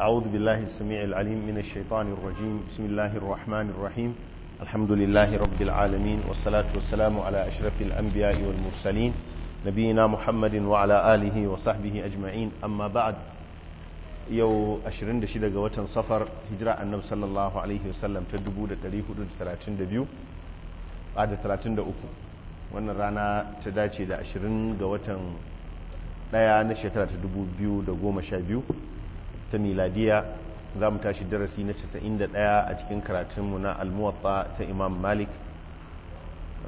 أعوذ بالله السميع العليم من الشيطان الرجيم بسم الله الرحمن الرحيم الحمد لله رب العالمين والصلاة والسلام على أشرف الأنبياء والمرسلين نبينا محمد وعلى آله وصحبه أجمعين أما بعد yau 26 ga watan safar hijira annabi sallallahu alaihi wasallam ta 1432 ba da 33 wannan rana ta dace da 20 ga watan daya na shekara ta 2012 ta miladiya za mu tashi darasi na 91 a cikin karatunmu na almuwatta ta imam malik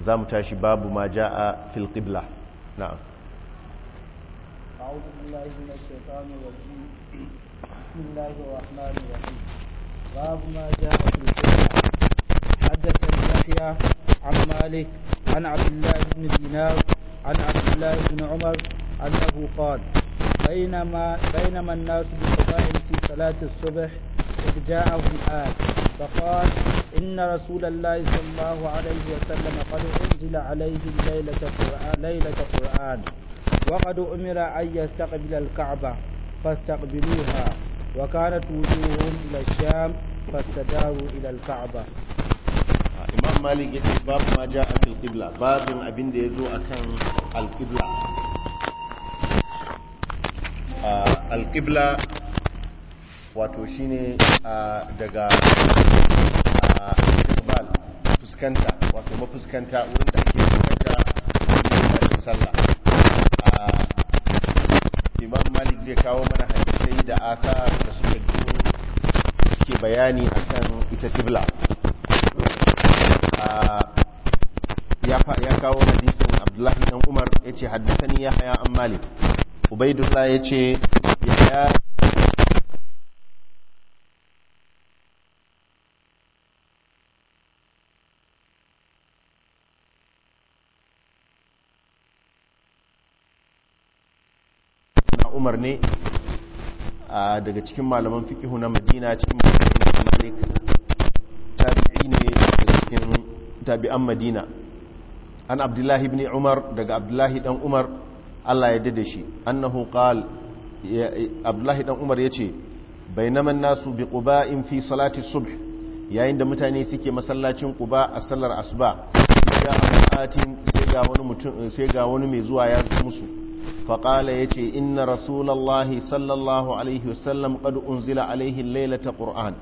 za mu tashi babu ma ja'a fil qibla na أعوذ في يحيى عن مالك عن عبد الله بن دينار عن عبد الله بن عمر أبو قال بينما بينما الناس الله في صلاة الصبح إذ جاءه الآن فقال إن رسول الله صلى الله عليه وسلم قد أنزل عليه ليلة قرآن, ليلة قرآن وقد أمر أن يستقبل الكعبة فاستقبلوها وكانت وجوههم إلى الشام فاستداروا إلى الكعبة imam malik ya ce babu ma ja a filkibla babin abin da ya zo a kan alkibla alkibla wato shine daga istiqbal fuskanta wato mafuskanta wurin da ake fuskanta a sallah imam malik zai kawo mana hadisai da aka da suka suke bayani akan ita tibla. ya kawo hadisin abdullahi dan umar ya ce haddasa ni ya haya an malik ubaidullah ya ce ya umar ne daga cikin malaman fikihu na madina cikin malik ne cikin tabi'an madina an abdullahi ibn umar daga abdullahi dan umar Allah ya dade shi annahu qal abdullahi dan umar yace bainama nasu bi quba'in fi salati subh yayin da mutane suke masallacin quba a sallar asuba ya amatin sai ga wani mutum sai ga wani mai zuwa ya zo musu فقال يتي إن رسول الله صلى الله عليه وسلم قد أنزل عليه الليلة قرآن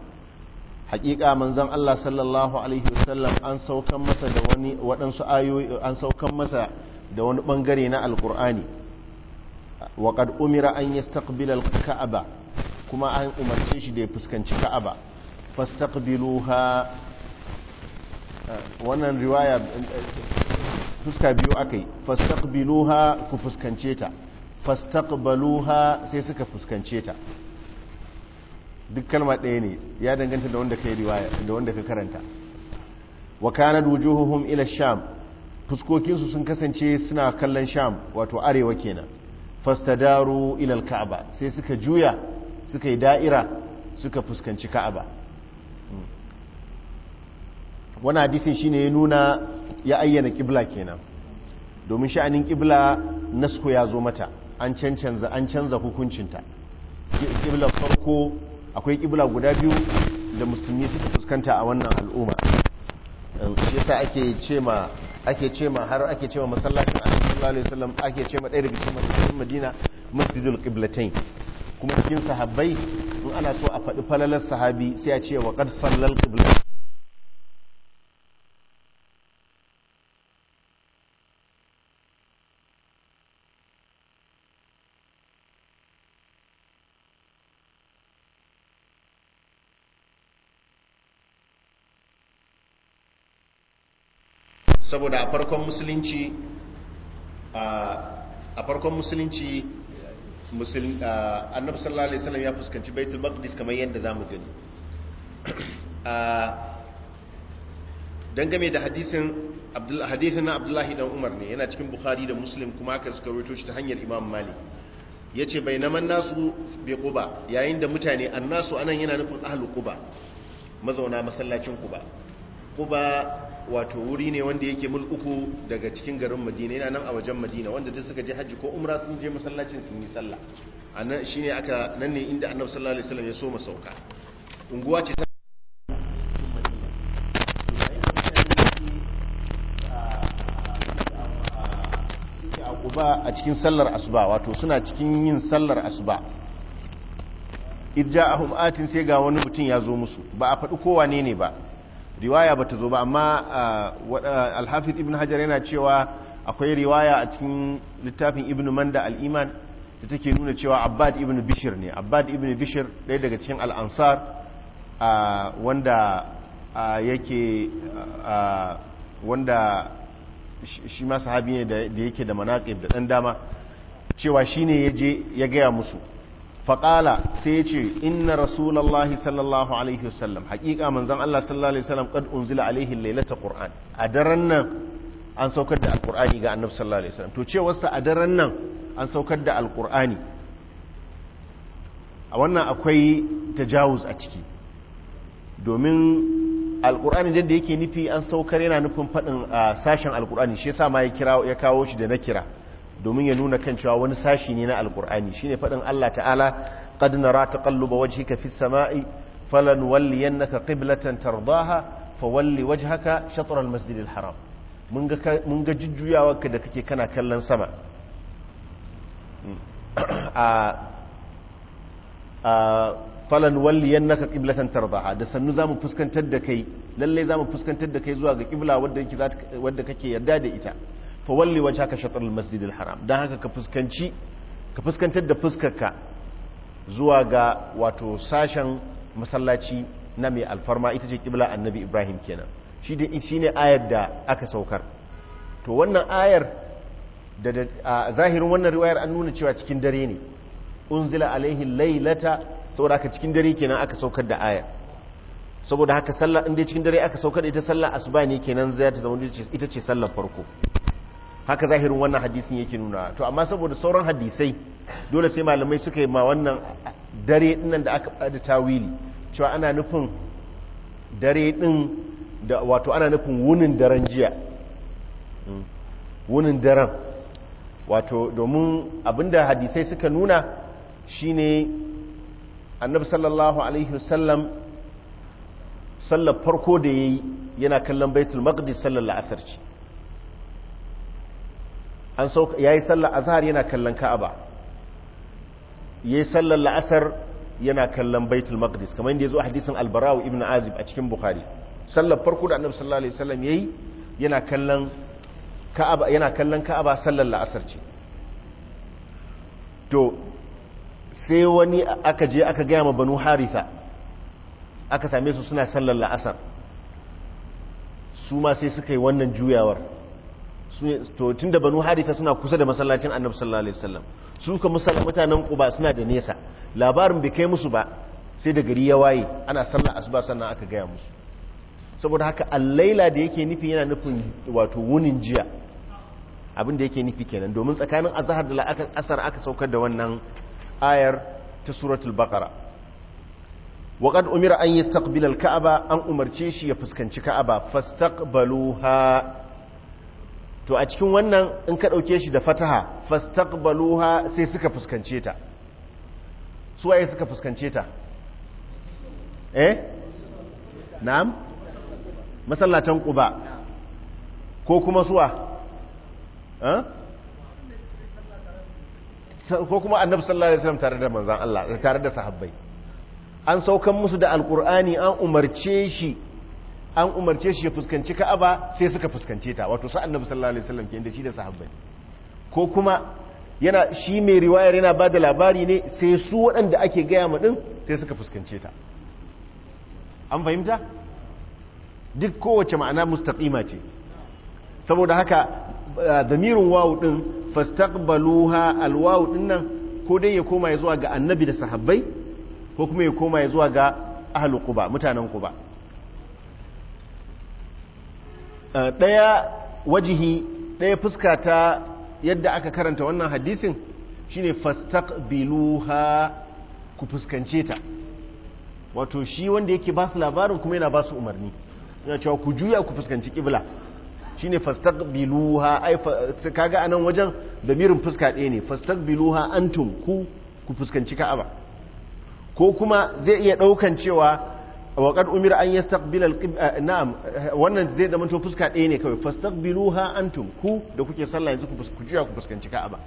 حقيقة من زن الله صلى الله عليه وسلم أن سوكم مسا دواني وأنسو آيو أن سوكم مسا دوان بنغرينا القرآن وقد أمر أن يستقبل الكعبة كما أن أمرتش دي بسكن كعبة فاستقبلوها wannan riwaya fuska biyu yi fastaqbiluha ku fuskance ta fastaqbaluha sai suka fuskance ta duk kalma ɗaya ne ya danganta da wanda kai riwaya da wanda ka karanta wa kana wujuhuhum ila sham Fuskokinsu su sun kasance suna kallon sham wato arewa kenan fastadaru ila alka'aba sai suka juya suka yi da'ira suka fuskanci ka'aba hmm. wani hadisin shine ya nuna ya ayyana kibla kenan domin sha'anin kibla nasku ya zo mata an cancanza an canza hukuncinta kibla farko akwai kibla guda biyu da musulmi suka fuskanta a wannan al'umma shi yasa ake ce ake ce har ake ce masallacin annabi sallallahu alaihi wasallam ake ce ma ɗaya daga cikin masallacin Madina masjidul qiblatain kuma cikin sahabbai in ana so a faɗi falalar sahabi sai a ce wa qad sallal qiblatain saboda a farkon musulunci a farkon musulunci annabi sallallahu alaihi wasallam ya fuskanci baitul maqdis kamar yadda zamu gani dangane da hadisin hadisin na abdullahi dan umar ne yana cikin bukari da muslim kuma aka suka rawaito shi ta hanyar imam malik yace naman nasu bi quba yayin da mutane annasu anan yana nufin ahlul quba mazauna masallacin quba quba wato wuri ne wanda yake mul uku daga cikin garin madina yana nan a wajen madina wanda duk suka je hajji ko umra sun je masallacin sun yi sallah anan shine aka nan ne inda annabi sallallahu alaihi wasallam ya so masauka unguwa ce ta a cikin sallar asuba wato suna cikin yin sallar asuba ahum atin sai ga wani mutum ya zo musu ba a faɗi kowa ne ne ba riwaya bata zo ba amma uh, uh, alhafiz ibn hajar yana cewa akwai riwaya a cikin littafin ibn manda al'iman da take nuna cewa abad ibn bishir ne abad ibn bishir ɗaya daga cikin al'ansar uh, wanda yake wanda shi ma sahabi ne da yake da manaƙib da ɗan dama cewa shi ne ya je ya gaya musu faƙala sai ce inna rasulallahi sallallahu alaihi wasallam haƙiƙa manzan Allah sallallahu alaihi wasallam kad unzila alaihi lailata qur'an a daren nan an saukar da alqur'ani ga annab sallallahu alaihi wasallam to cewarsa a daren nan an saukar da alqur'ani a wannan akwai tajawuz a ciki domin alqur'ani da yake nufi an saukar yana nufin faɗin sashen alqur'ani shi yasa ma ya kawo shi da na kira domin ya nuna kan cewa wani sashi ne na alkur'ani ne faɗin Allah ta'ala qad nara taqalluba wajhika fis sama'i falan walliyannaka ƙiblatan tarbaha fa walli waje haka masjid al haram mun ga mun ga jujjuyawarka da kake kana kallon sama hmm. a falan walliyannaka ƙiblatan tarbaha da sannu za mu fuskantar da kai lallai za mu fuskantar da kai zuwa ga ƙibla wadda kake yarda da ita fa walli wajhaka shatr al-masjid al-haram dan haka ka fuskanci ka fuskantar da fuskarka zuwa ga wato sashen masallaci na mai alfarma ita ce kibla annabi Ibrahim kenan shi da shine ayar da aka saukar to wannan ayar da zahirin wannan riwayar an nuna cewa cikin dare ne unzila alaihi laylata saboda haka cikin dare kenan aka saukar da ayar saboda haka sallah inda cikin dare aka saukar ita sallah asuba ne kenan zai ta zama ita ce sallar farko haka zahirin wannan hadisin yake nuna to amma saboda sauran hadisai dole sai malamai suka yi ma wannan dare dinnan da aka bada tawili cewa ana nufin dare din da wato ana nufin wunin daren jiya hmm. wunin daren wato domin abinda hadisai suka nuna shine annabi sallallahu alaihi wasallam sallar farko da yayi yana kallon baitul maqdis sallar asar ce an sauka yayi sallar azhar yana kallon ka'aba yayi sallar la'asar yana kallon baitul maqdis kamar yadda yazo a hadisin al-bara'u ibn azib a cikin bukhari sallar farko da annabi sallallahu alaihi wasallam yayi yana kallon ka'aba yana kallon ka'aba sallar la'asar ce to sai wani aka je aka gaya ma banu haritha aka same su suna sallar la'asar su ma sai suka yi wannan juyawar to tun da banu harita suna kusa da masallacin annabi sallallahu alaihi wasallam su ka mutanen quba suna da nesa labarin bai kai musu ba sai da gari ya waye ana sallah asuba sannan aka gaya musu saboda haka al-laila da yake nufi yana nufin wato wunin jiya abin da yake nufi kenan domin tsakanin azhar da asar aka saukar da wannan ayar ta suratul baqara an أمر ka'aba an umarce shi ya fuskanci ka'aba fastaqbaluha to a cikin wannan in ka ɗauke shi da fataha fastaqbaluha sai suka fuskance ta su waye suka fuskance ta eh na'am masallatan quba ko kuma suwa eh? ko kuma annabi sallallahu alaihi wasallam tare da manzon Allah tare da sahabbai an saukan musu da alqur'ani an umarce shi an umarce shi ya fuskanci ka'aba sai suka fuskance ta wato sa annabi sallallahu alaihi wasallam kenan da shi da sahabbai ko kuma yana shi mai riwayar yana ba da labari ne sai su waɗanda ake gaya ma ɗin sai suka fuskance ta an fahimta duk kowace ma'ana mustaƙima ce saboda haka eh, damirin wawu ɗin fastaqbaluha alwawu ɗin nan ko dai ya koma ya zuwa ga annabi da sahabbai ko kuma ya koma ya zuwa ga ahlu quba mutanen quba Eh, ɗaya wajihi ɗaya fuska ta yadda aka karanta wannan hadisin shine biluha ku fuskance ta wato shi wanda yake ba su labarin kuma yana ba su umarni yana cewa ku juya ku fuskanci kibla fastaq biluha ai kaga anan wajen damirin fuska ɗaya ne biluha antum ku ku fuskanci ka'aba ko kuma zai iya ɗaukan cewa waƙar umir umira an yastaqbila al eh, na'am eh, wannan zai zama to fuska ɗaya ne kawai ha an ku da kuke sallah yanzu ku juya ku fuskanci ka'aba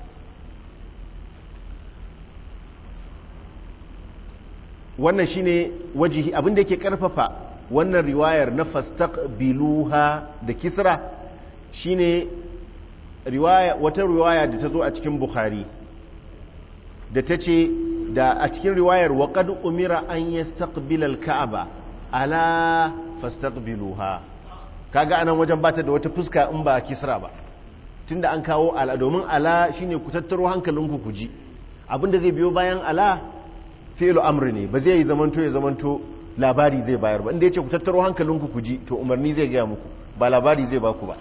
wannan shine wajihi abin da yake karfafa wannan riwayar na ha da kisra shine ne wata riwaya da ta zo a cikin bukhari da ta ce da a cikin riwayar wa umira an yi al-ka'aba ala Ka kaga anan wajen bata da wata fuska in ba kisra ba tunda an kawo ala domin ala shine ku tattaro hankalinku ku ji abinda zai biyo bayan ala fi'lu amri ne ba zai yi zamanto ya zamanto labari zai bayar ba inda yace ku tattaro hankalinku ku kuji to umarni zai gaya muku ba labari zai baku ba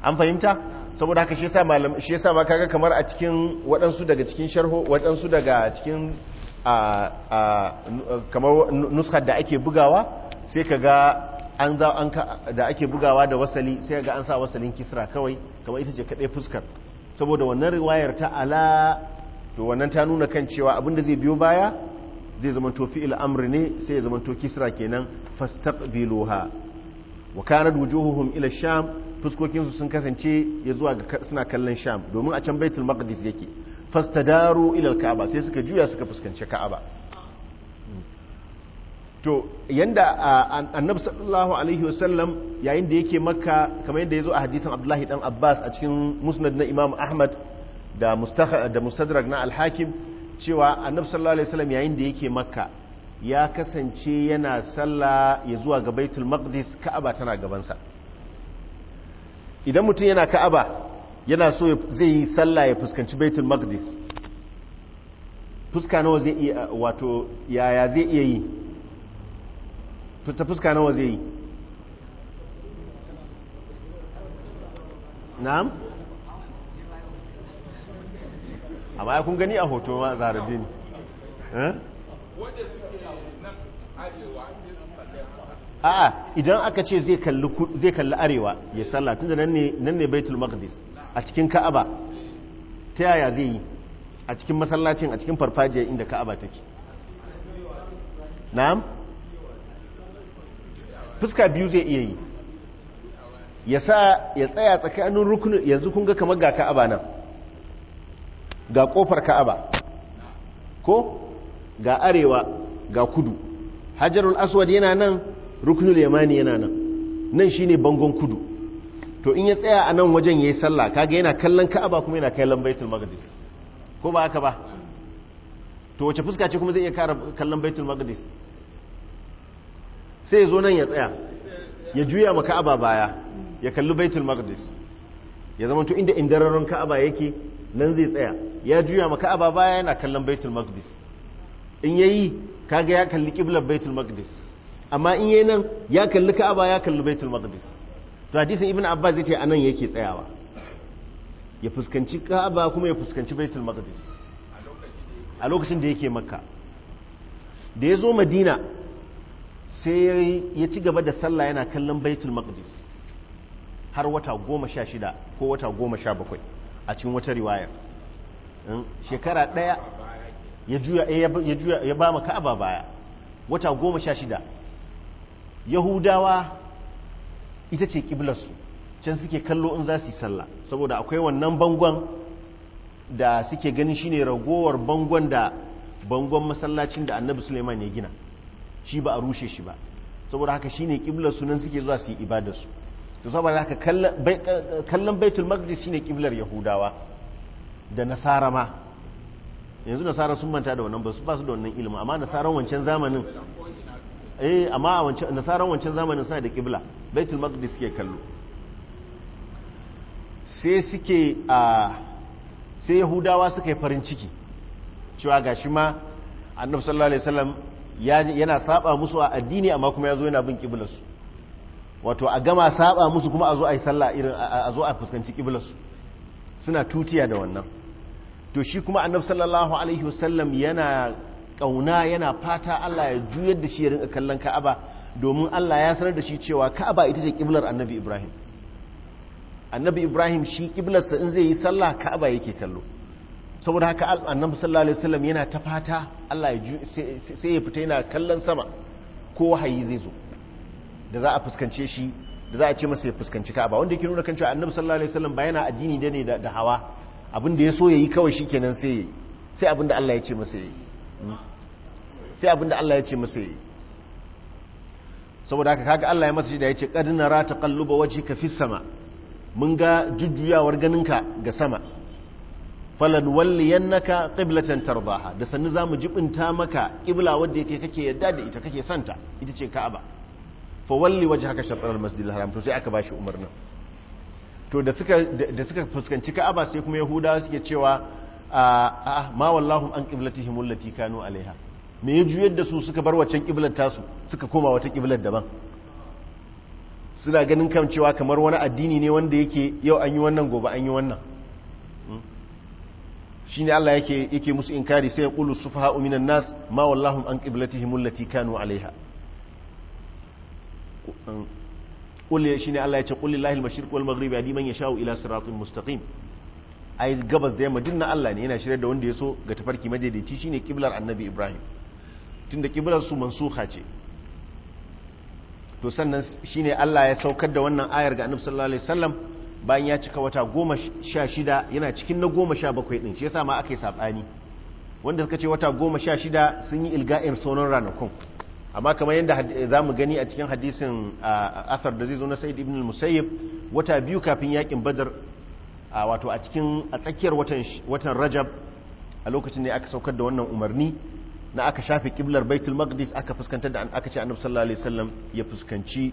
an fahimta saboda haka shi yasa malam shi yasa ma kaga kamar a cikin waɗansu daga cikin sharho waɗansu daga cikin kamar nuskar da ake bugawa sai kaga an za an da ake bugawa da wasali sai ga an sa wasalin kisra kawai kamar ita ce kadai fuskar saboda wannan riwayar ta ala to wannan ta nuna kan cewa abin da zai biyo baya zai zama to fi'il amri ne sai ya zama to kisra kenan fastaqbiluha wa kanat wujuhuhum ila sham fuskokinsu sun kasance ya zuwa suna kallon sham domin a can baitul maqdis yake fastadaru ilal ka'aba sai suka juya suka fuskanci ka'aba to yanda annabi sallallahu alaihi wasallam yayin da yake makka kamar yadda yazo a hadisin abdullahi dan abbas a cikin musnad na imam ahmad da da mustadrak na al-hakim cewa annabi sallallahu alaihi wasallam yayin da yake makka ya kasance yana sallah ya zuwa ga baitul maqdis ka'aba tana gabansa idan mutum yana ka'aba yana so zai yi sallah ya fuskanci baitul maqdis fuska nawa zai iya wato yaya zai iya yi ta fuska nawa zai yi na'am amma ya kun gani a hoto ma zaradin eh? wanda suke nan arewa a'a idan aka ce zai kalli arewa ya salla tun nan ne nan ne baitul maqdis a cikin ka'aba ta yaya zai yi a cikin masallacin a cikin farfajiyar inda ka'aba take na'am fuska biyu zai iya yi ya sa ya tsaya tsakanin rukunin yanzu kun ga kamar ga ka'aba nan ga kofar ka'aba ko ga arewa ga kudu hajjarul aswad yana nan rukunul yamani yana nan nan shine bangon kudu to in ya tsaya a nan wajen ya yi sallah kaga yana kallon ka'aba kuma yana kallon baitul maqdis ko ba haka ba to wace fuska ce kuma zai iya kara kallon baitul maqdis sai ya zo nan ya tsaya ya juya ma ka'aba baya ya kalli baitul maqdis ya zama to inda indararon ka'aba yake nan zai tsaya ya juya ma ka'aba baya yana kallon baitul maqdis in yayi kaga ya kalli qiblar baitul maqdis amma in yi nan ya kalli ka'aba ya kalli baitul maqdis to hadisin ibn abbas yace anan yake tsayawa ya fuskanci ka'aba kuma ya fuskanci baitul maqdis a lokacin da yake makka da ya zo madina sai ya ci gaba da sallah yana kallon baitul maqdis har wata goma sha shida ko wata goma sha bakwai a cikin wata in hmm, shekara ɗaya ya juya ya ba maka ka'aba baya wata goma sha shida yahudawa ita ce kiblarsu can suke kallo in za su yi sallah saboda akwai wannan bangon da suke ganin shine ragowar bangon da bangon masallacin da annabi suleiman ya gina shi ba a rushe shi ba saboda haka shine kiblarsu nan suke zuwa su yi ibadarsu to saboda haka kallon baitul maqdis shine kiblar yahudawa da nasara ma yanzu nasara sun manta da wannan ba su da wannan ilimin amma nasaran wancan zamanin eh amma a wancan nasaran wancan zamanin suna da kibla baitul maqdis ke kallo sai suke a sai yahudawa suka yi farin ciki cewa gashi ma annabi sallallahu alaihi wasallam yana saba musu a addini amma kuma yazo yana bin su. wato a gama saba musu kuma a zo a yi sallah irin a zo a fuskanci su suna tutiya da wannan to shi kuma annabi sallallahu alaihi wasallam yana kauna yana fata Allah ya juyar da shi ya rinka kallon Ka'aba domin Allah ya sanar da shi cewa Ka'aba ita ce kiblar Annabi Ibrahim Annabi Ibrahim shi sa in zai yi sallah Ka'aba yake kallo saboda haka Annabi sallallahu alaihi wasallam yana ta fata Allah ya sai ya fita yana kallon sama ko wahayi zai zo da za a fuskance shi da za a ce masa ya fuskanci Ka'aba wanda yake nuna kan cewa Annabi sallallahu alaihi wasallam ba yana addini da ne da hawa abin da ya so yayi kawai shikenan sai sai abin da Allah ya ce masa yayi hmm? sai abinda Allah ya ce masa yi saboda haka kaga Allah ya masa shi da ya ce rata ƙalluba waje ka fi sama mun ga jujjuyawar ganinka ga sama falan walliyannaka ƙiblatan tarbaha da sannu za mu jibinta maka ƙibla wadda yake kake yadda da ita kake santa ita ce Ka'aba fa walli waje haka shafarar masjid haram to sai aka ba shi umarnin to da suka fuskanci Ka'aba sai kuma Yahudawa suke cewa a ma wallahum an qiblatihim allati kanu alaiha me ya juyar da su suka bar waccan kiblar tasu suka koma wata kiblar daban suna ganin kamcewa cewa kamar wani addini ne wanda yake yau an yi wannan gobe an yi wannan hmm? shi ne Allah yake yake musu inkari sai ya ƙulu su faha uminan nas ma wallahun an ƙiblati lati kanu alaiha ƙulle eh, shi ne Allah ya ce ƙulli lahil mashirƙu wal a adi man yasha'u ila siratun mustaqim yi gabas da yamma dinna Allah ne yana shirya da wanda ya so ga tafarki madaidaici shine kiblar annabi Ibrahim tunda kiblar su mansuha ce to sannan shine Allah ya saukar da wannan ayar ga Annabi sallallahu alaihi wasallam bayan ya cika wata goma sha shida yana cikin na goma sha bakwai ɗin shi yasa ma aka yi saɓani wanda suka ce wata goma sha shida sun yi ilga'in sauran ranakun amma kamar yadda za mu gani a cikin hadisin asar da zai zo na sa'id ibn musayyib wata biyu kafin yakin badar wato a cikin a tsakiyar watan rajab a lokacin da aka saukar da wannan umarni na aka shafe kiblar baitul maqdis aka fuskantar da aka ce annabi sallallahu alaihi wasallam ya fuskanci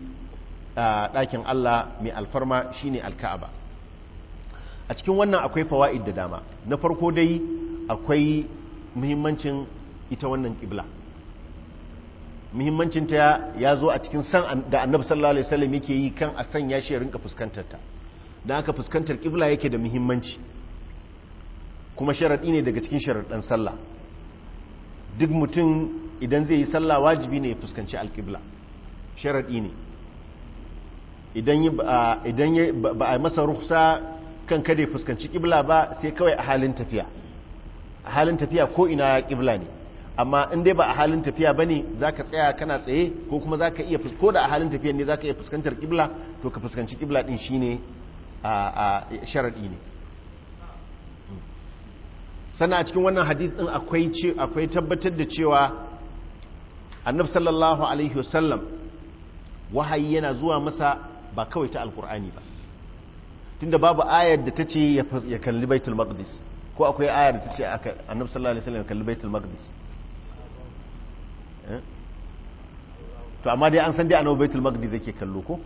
dakin Allah mai alfarma shine alka'aba a cikin wannan akwai fawaid da dama na farko dai akwai muhimmancin ita wannan kibla muhimmancin ta ya zo a cikin san da annabi sallallahu alaihi wasallam yake yi kan a sanya shi ya rinka fuskantar ta dan aka fuskantar kibla yake da muhimmanci kuma sharadi ne daga cikin sharadan sallah duk mutum idan zai yi sallah wajibi ne ya fuskanci alƙibla sharaɗi ne idan ba a masa ruhsa kan kada ya fuskanci ƙibla ba sai kawai a halin tafiya a halin tafiya ko ina ƙibla ne amma in dai ba a halin tafiya ba ne za ka tsaya kana tsaye ko kuma za ka iya fusko da a halin tafiya ne za ka iya fuskantar ƙibla to ka fuskanci ƙibla ɗin shi ne a sharaɗi ne sannan a cikin wannan hadith din akwai ce akwai tabbatar da cewa annab sallallahu alaihi wasallam wahayi yana zuwa masa ba kawai ta alkur'ani ba tunda babu ayar da ta ce ya kalli baitul maqdis ko akwai ayar da ta ce annab sallallahu alaihi wasallam ya kalli baitul maqdis eh? to amma dai an san dai annab baitul maqdis yake kallo ko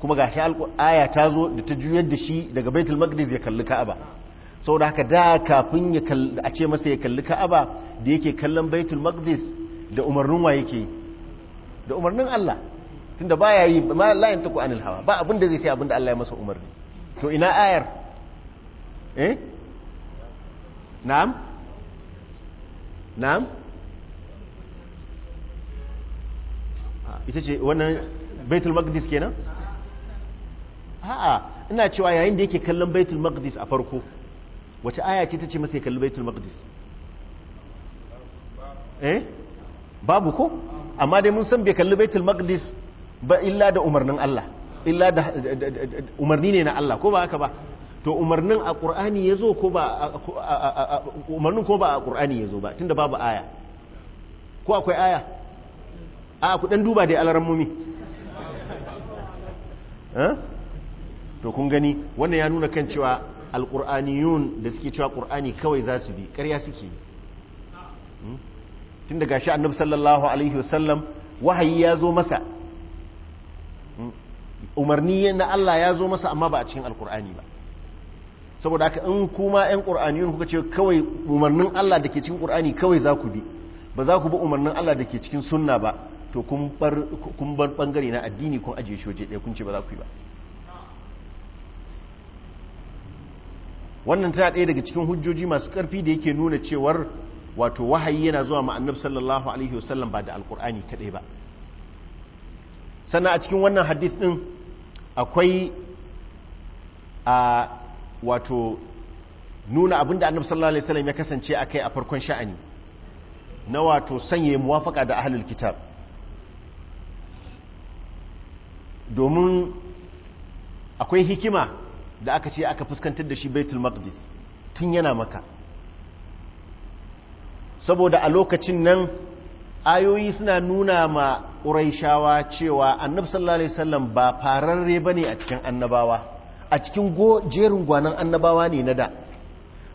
kuma gashi aya ta zo da ta juyar da shi daga baitul maqdis ya kalli ka'aba Sau da haka da kafin a ce masa ya kalli ka'aba da yake kallon baitul maqdis da umarnin wa yake da umarnin Allah tunda baya yi ba la taku anil hawa ba abinda da zai sai abinda da Allah ya masa umarni to ina ayar eh na'am na'am ah, ita ce wannan baitul maqdis kenan a'a ina cewa yayin da yake kallon baitul maqdis a farko wace aya ce ta ce masa ya kalli baitul maqdis eh babu ko amma dai mun san bai kalli baitul maqdis ba illa da umarnin Allah illa da umarni ne na Allah ko ba haka ba to umarnin a qur'ani yazo ko ba umarnin ko ba a qur'ani yazo ba tunda babu aya ko akwai aya a ku dan duba dai alaran mumi eh? to kun gani wannan ya nuna kan cewa alƙur'aniyun da suke cewa ƙur'ani kawai za su bi ƙarya suke yi hmm? tun daga shi annabi sallallahu alaihi wasallam wahayi ya zo masa hmm? umarni na Allah ya zo masa amma ba a cikin alƙur'ani ba saboda haka in kuma 'yan ƙur'aniyun kuka ce kawai umarnin Allah da ke cikin ƙur'ani kawai za ku bi ba za ku bi umarnin Allah da ke cikin sunna ba to kun bar ɓangare na addini kun ajiye shoje ɗaya kun ce ba za ku yi ba wannan tana ɗaya daga cikin hujjoji masu ƙarfi da yake nuna cewar wato wahayi yana zuwa ma sallallahu alaihi wasallam ba da alkur'ani kaɗai ba sannan a cikin wannan hadith ɗin akwai a wato nuna abin da annab sallallahu alaihi wasallam ya kasance a kai a farkon sha'ani na wato sanya muwafaka da ahlul kitab domin akwai hikima da aka ce aka fuskantar da shi baitul maqdis tun yana maka saboda a lokacin nan ayoyi suna nuna ma ƙuraishawa cewa annab sallallahu alaihi wasallam ba fararre ba ne a cikin annabawa a cikin jerin gwanan annabawa ne na da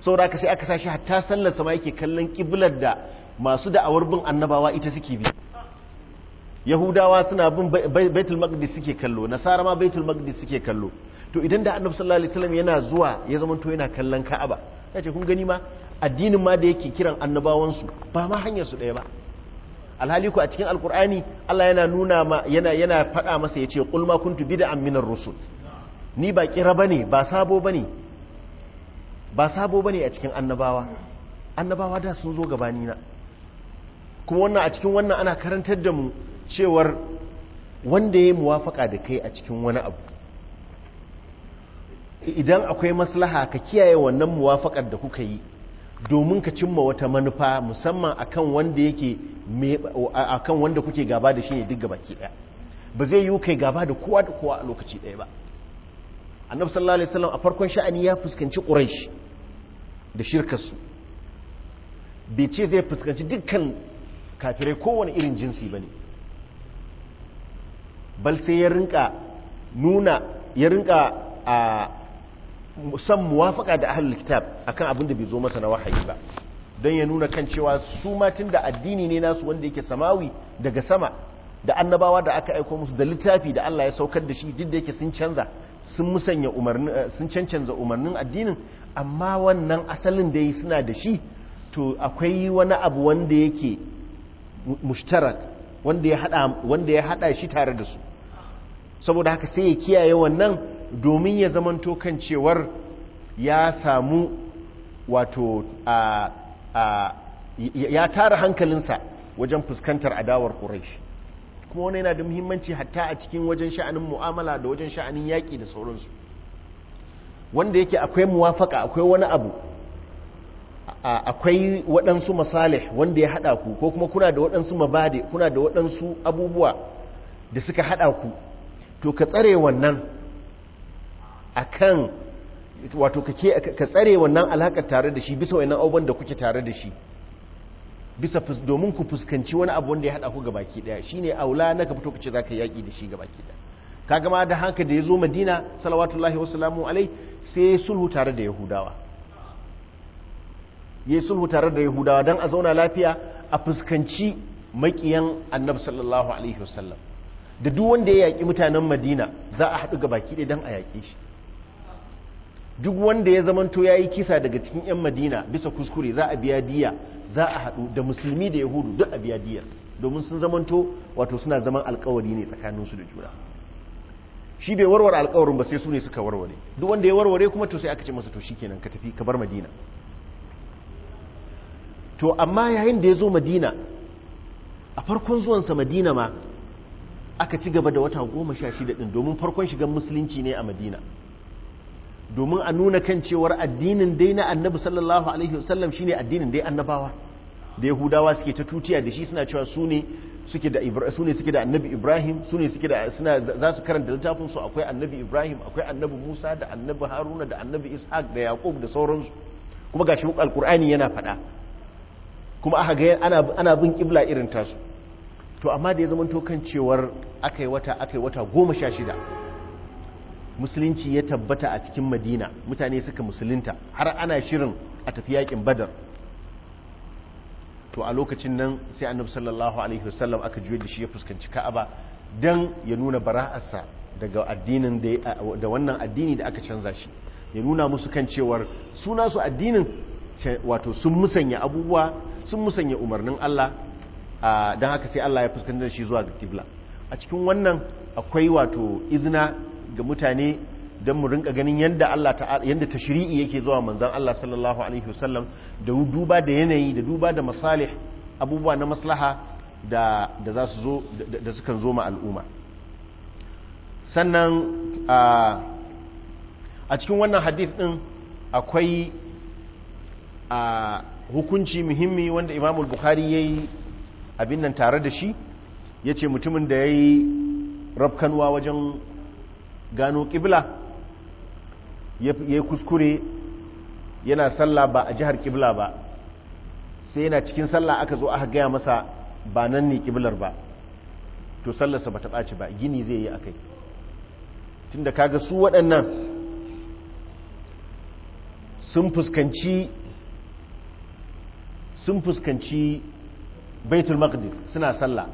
saboda aka sai aka sashi hatta sallar sama yake kallon kiblar da masu da'awar bin annabawa ita suke bi yahudawa suna bin baitul maqdis suke kallo nasara ma baitul maqdis suke kallo to idan da annabi sallallahu alaihi wasallam yana zuwa ya zama to yana kallon ka'aba ya kun gani ma addinin ma da yake kiran annabawansu ba ma hanyar su daya ba alhali ku a cikin alkur'ani Allah yana nuna ma yana yana faɗa masa yace qul ma kuntu bid'an minar rusul ni ba kira bane ba sabo bane ba sabo bane a cikin annabawa annabawa da sun zo gabani na kuma wannan a cikin wannan ana karantar da mu cewar wanda ya muwafaka da kai a cikin wani abu idan akwai maslaha ka kiyaye wannan muwafakar da kuka yi domin ka cimma wata manufa musamman akan wanda yake akan wanda kuke gaba da shi ne duk gabaki daya ba zai yi kai gaba da kowa da kowa a lokaci daya ba annabi sallallahu alaihi wasallam a farkon sha'ani ya fuskanci quraish da shirkar su bai ce zai fuskanci dukkan kafirai kowane irin jinsi bane bal sai ya rinka nuna ya rinka a san muwafaka da ahlul kitab akan abin da bai zo masa na wahayi ba don ya nuna kan cewa su matin da addini ne nasu wanda yake samawi daga sama da annabawa da aka aiko musu da littafi da Allah ya saukar da shi duk da yake sun canza sun musanya umarnin eh, sun cancanza umarnin addinin amma wannan asalin da yi suna da shi to akwai wani abu wanda yake mushtarak wanda ya hada wanda ya hada shi tare da su saboda haka sai ya kiyaye wannan domin ya zamanto kan cewar ya samu wato ya tara hankalinsa wajen fuskantar adawar ƙuraishi kuma wani yana da muhimmanci hatta a cikin wajen sha'anin mu'amala da wajen sha'anin yaƙi da sauransu wanda yake akwai muwafaka akwai wani abu akwai waɗansu masalih wanda ya haɗa ku ko kuma kuna da waɗansu mabade kuna da waɗansu abubuwa da suka haɗa ku to ka tsare wannan akan wato ka tsare wannan alaƙar tare da shi bisa wannan abubuwan da kuke tare da shi bisa domin ku fuskanci wani abu wanda ya haɗa ku gabaki ɗaya shine aula na ka fito ka ce za ka yaƙi da shi gabaki ɗaya ka gama da haka da ya zo madina salawatullahi lamun alai sai sulhu tare da yahudawa ya sulhu tare da yahudawa don a zauna lafiya a fuskanci makiyan annabi sallallahu alaihi wasallam da duk wanda ya yaƙi mutanen madina za a haɗu ga baki ɗaya don a yaƙe shi duk wanda ya zamanto ya yi kisa daga cikin 'yan madina bisa kuskure za a biya diya za a haɗu da musulmi da yahudu duk a biya diya domin sun zamanto wato suna zaman alkawari ne tsakaninsu da juna shi bai warware alkawarin ba sai su ne suka warware duk wanda ya warware kuma to sai aka ce masa to shikenan ka tafi ka bar madina to amma yayin da ya zo madina a farkon zuwansa madina ma aka ci gaba da wata goma sha shida ɗin domin farkon shigan musulunci ne a madina domin a nuna kan cewar addinin dai na annabi sallallahu alaihi wasallam shine addinin dai annabawa da yahudawa suke ta tutiya da shi suna cewa su ne suke da annabi ibrahim su ne suke da suna za su karanta littafin su akwai annabi ibrahim akwai annabi musa da annabi haruna da annabi ishaq da yaqub da sauransu kuma gashi alqur'ani yana faɗa kuma aka ga ana ana bin kibla irin tasu to amma da ya zama to kan cewar akai wata akai wata goma sha shida musulunci ya tabbata a cikin madina mutane suka musulunta har ana shirin a tafi yakin badar to a lokacin nan sai annabi sallallahu alaihi wasallam aka juye da shi ya fuskanci ka'aba dan ya nuna bara'arsa daga addinin da wannan addini da aka canza shi ya nuna musu kan cewar suna su addinin wato sun musanya abubuwa sun musanya umarnin Allah don haka sai Allah ya fuskantar shi zuwa ga kibla a cikin wannan akwai wato izina ga mutane don mu rinka ganin yadda Allah yadda yake zuwa manzan Allah sallallahu alaihi wasallam da duba da yanayi da duba da masalih abubuwa na maslaha da su zo zo ma al'umma sannan a cikin wannan hadith din akwai a hukunci muhimmi wanda Imam al-Bukhari yayi abin nan tare da shi ya ce mutumin da ya yi rabkanwa wajen gano ƙibla ya kuskure yana sallah ba a jihar ƙibla ba sai yana cikin sallah aka zo aka gaya masa ba nan ne kiblar ba to sallarsa ba ta ɓaci ba gini zai yi a kai tunda kaga su waɗannan sun fuskanci sun fuskanci baitul maqdis suna sallah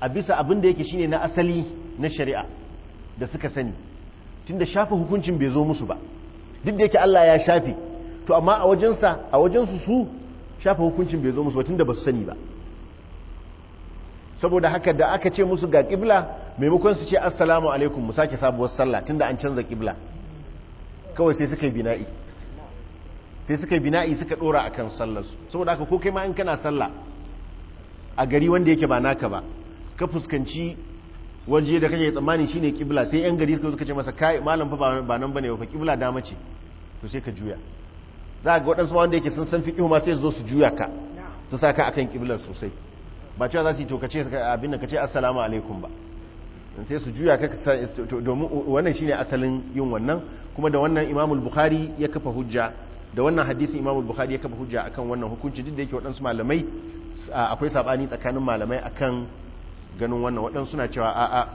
a bisa abin da yake shine na asali na shari'a da suka sani tunda shafa hukuncin bai zo musu ba duk da yake Allah ya shafe to amma a wajensa a wajensu su shafa hukuncin bai zo musu ba tunda ba su sani ba saboda haka da aka ce musu ga kibla maimakon su ce assalamu alaikum mu sake sabuwar sallah tunda an canza kibla kawai sai suka yi bina'i sai suka yi bina'i suka dora akan sallarsu saboda haka ko kai ma in kana sallah a gari wanda yake ba naka ba ka fuskanci wajen da kake tsammani shine kibla sai yan gari suka ce masa kai malam fa ba nan bane wafa kibla dama ce to sai ka juya za ga waɗansu wanda yake sun san fiƙi sai zo su juya ka su sa ka akan kiblar sosai ba cewa za su yi to kace abin da kace assalamu alaikum ba sai su juya ka domin wannan shine asalin yin wannan kuma da wannan imamul bukhari ya kafa hujja da wannan hadisin imamul bukhari ya kafa hujja akan wannan hukunci duk da yake waɗansu malamai akwai sabani tsakanin malamai akan ganin wannan waɗansu suna cewa a'a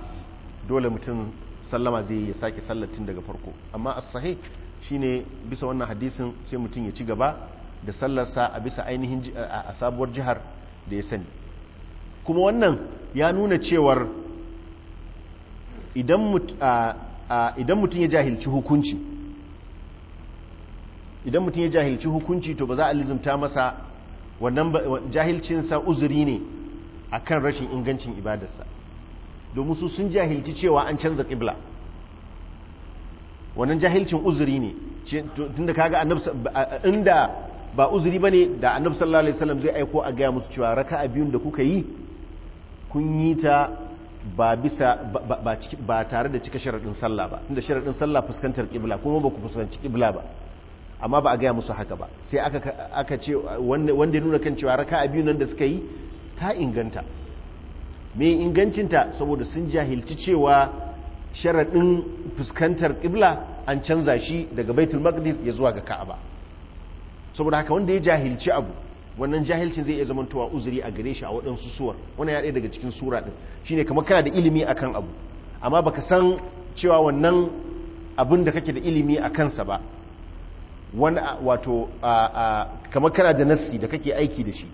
dole mutum sallama zai yi sake sallatin daga farko amma sahi shi shine bisa wannan hadisin sai mutum ya ci gaba da sallarsa a bisa ainihin a sabuwar jihar da ya sani kuma wannan ya nuna cewar idan mutum ya jahilci hukunci idan mutum ya jahilci hukunci to ba za a lizimta masa wannan jahilcinsa uzuri ne akan rashin ingancin ibadarsa domin su sun jahilci cewa an canza ƙibla wannan jahilcin uzuri ne tunda kaga inda ba uzuri ne da annabi sallallahu alaihi wasallam zai aiko a gaya musu cewa a biyun da kuka yi kun yi ta ba bisa ba tare da cika sharaɗin sallah ba tunda sharaɗin sallah fuskantar ƙibla kuma ba ku fuskanci ƙibla ba amma ba a gaya musu haka ba sai aka ce wanda ya nuna kan cewa a biyun nan da suka yi ta inganta me ingancinta saboda sun jahilci cewa sharaɗin fuskantar ƙibla an canza shi daga baitul maqdis ya zuwa ga ka'aba saboda haka wanda ya jahilci abu wannan jahilcin zai iya zamantowa uzuri a gare shi a waɗansu suwar wani ya ɗaya daga cikin sura ɗin shi ne kamar kana da ilimi a kan abu amma baka san cewa wannan abin da kake da ilimi a kansa ba wani wato kamar kana da nassi da kake aiki da shi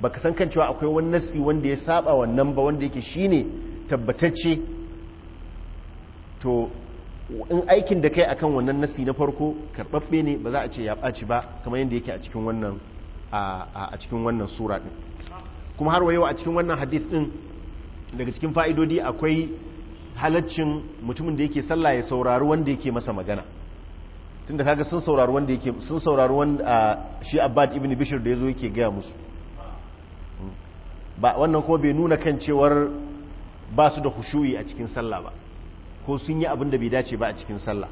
baka san kan cewa akwai wani nassi wanda ya saba wannan ba wanda yake shine tabbatacce to in aikin da kai akan wannan nassi na farko karbabbe ne ba za a ce ya ɓaci ba kamar yadda yake a cikin wannan sura din kuma har wayo a cikin wannan hadith din daga cikin fa'idodi akwai halaccin mutumin da yake sallah ya saurari wanda yake masa magana tunda kaga sun saurari wanda sun saurari wanda shi Abbad ibn Bishr da ya zo yake gaya musu ba wannan kuma bai nuna kan cewar ba su da hushuyi a cikin sallah ba ko sun yi abin da bai dace ba a cikin sallah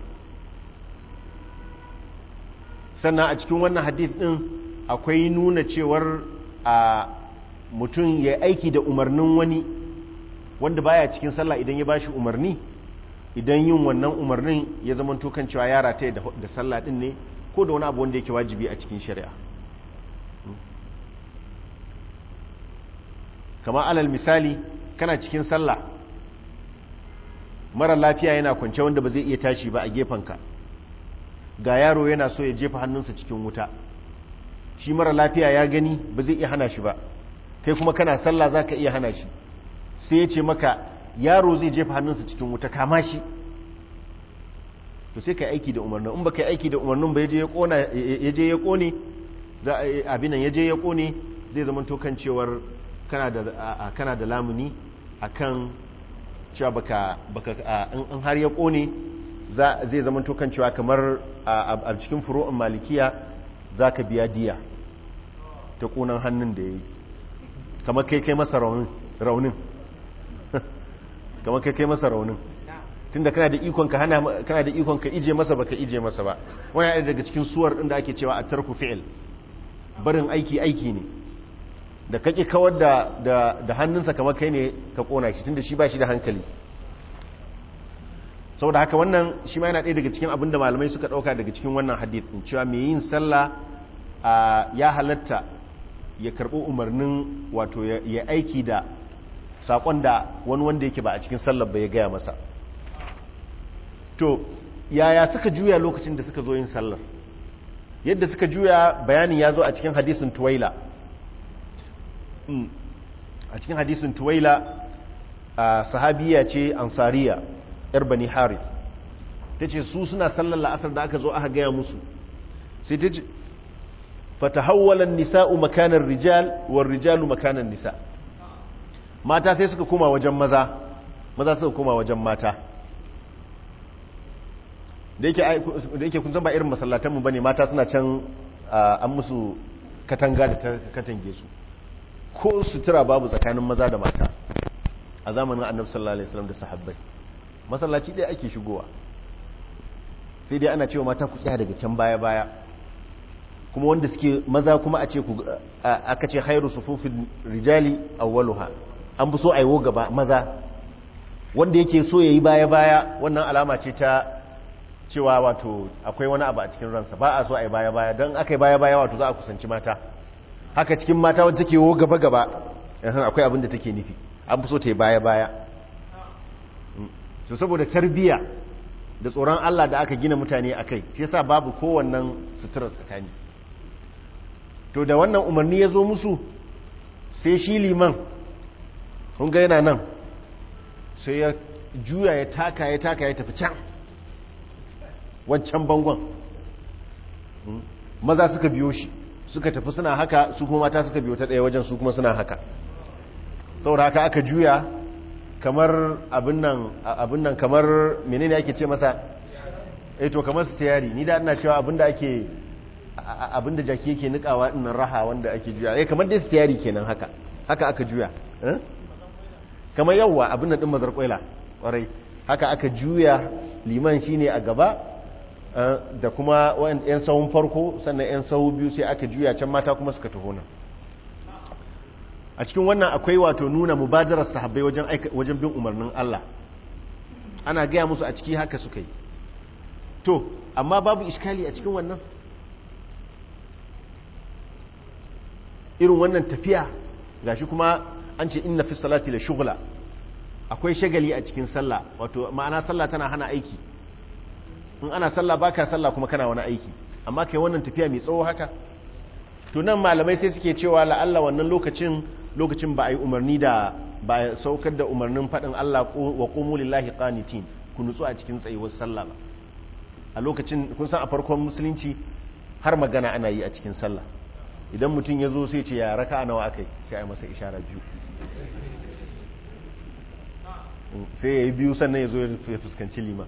sannan a cikin wannan hadith din akwai nuna cewar a mutum ya aiki da umarnin wani wanda baya cikin sallah idan ya bashi umarni idan yin wannan umarnin ya zama tokancewa yara ta da sallah din ne ko da wani abu wanda yake wajibi a cikin shari'a kama alal misali kana cikin sallah mara lafiya yana kwance wanda ba zai iya tashi ba a gefen ka ga yaro yana so ya jefa hannunsa cikin wuta shi mara lafiya ya gani ba zai iya hana shi ba kai kuma kana sallah za ka iya hana shi sai ya ce maka yaro zai jefa hannunsa cikin wuta kama shi to sai ka aiki da umarnin in ba ka aiki da umarnin ba ya je ya kone abinan ya je ya kone zai zama tokancewar kana da lamuni kan cewa baka in har ya kone zai zama tokan cewa kamar a cikin furu'un malikiya za ka biya diya ta kunan hannun da ya yi kamar kai kai masa raunin kamar kai kai masa raunin tunda kana da ikon ka kana da ikon ka ije masa baka ije masa ba wani daga cikin suwar inda da ake cewa a tarku fi'il barin aiki aiki ne da kaki kawar da da hannunsa kama kai ne ka kona shi tunda shi ba shi da hankali saboda haka wannan shi ma yana ɗaya daga cikin abinda malamai suka ɗauka daga cikin wannan hadith din cewa mai yin sallah ya halatta ya karɓo umarnin wato ya aiki da saƙon da wani wanda yake ba a cikin sallar ba ya gaya masa to yaya suka juya lokacin da suka zo yin sallar yadda suka juya bayanin ya zo a cikin hadisin tuwaila a cikin hadisin tuwaila sahabiya ce ansariya yar bani ta ce su suna sallar la'asar da aka zo aka gaya musu sai ta ce fatahawalan nisa'u makanan rijal war rijalu makanan nisa mata sai suka koma wajen maza maza suka koma wajen mata da yake kun ba irin masallatanmu ba ne mata suna can an musu katanga da katange su ko sutura babu tsakanin maza da mata a zamanin annabi sallallahu alaihi wasallam da sahabbai masallaci ɗaya ake shigowa sai dai ana cewa mata ku tsaya daga can baya baya kuma wanda suke maza kuma a ce ku aka ce khairu sufufin rijali awwaluha an bi so aiwo gaba maza wanda yake so yayi baya baya wannan alama ce ta cewa wato akwai wani abu a cikin ransa ba a so ai baya baya don akai baya baya wato za a kusanci mata haka cikin mata wadda take wo gaba gaba akwai abin da take nufi an fi so ta yi baya baya so mm. saboda tarbiya da tsoron Allah da aka gina mutane a kai shi yasa babu kowannan sutura tsakani to da wannan umarni ya zo musu sai shi liman hunga yana nan sai ya juya ya taka ya taka ya tafi can wancan bangon mm. maza suka biyo shi suka tafi suna haka su kuma mata suka biyo ta ɗaya wajen su kuma suna haka saboda haka aka juya kamar abin nan kamar menene ake ce masa eh to kamar su tayari ni da ina cewa abin da ake abin da jaki yake nikawa ina raha wanda ake juya eh kamar dai su tayari kenan haka haka aka juya eh? kamar yawwa abin da ɗin mazarkwela. ƙwarai kwarai haka aka juya liman shine a gaba Eh, da kuma yan tsawon farko sannan yan tsawon biyu sai aka juya can mata kuma suka taho nan a cikin wannan akwai wato nuna mubadarar sahabbai wajen bin umarnin Allah ana gaya musu a ciki haka suka yi to amma babu iskali a cikin wannan irin wannan tafiya gashi kuma an ce inna fi salati la shugula akwai shagali a cikin sallah wato ma'ana sallah tana hana aiki in ana sallah baka sallah kuma kana wani aiki amma kai wannan tafiya mai tsawo haka to nan malamai sai suke cewa la'alla wannan lokacin lokacin ba a yi umarni da ba saukar da umarnin faɗin Allah wa qumu lillahi qanitin ku nutsu a cikin tsayuwar sallah ba a lokacin kun san a farkon musulunci har magana ana yi a cikin sallah idan mutum ya zo sai ce ya raka nawa akai sai a yi masa ishara biyu sai ya yi biyu sannan ya zo ya fuskanci liman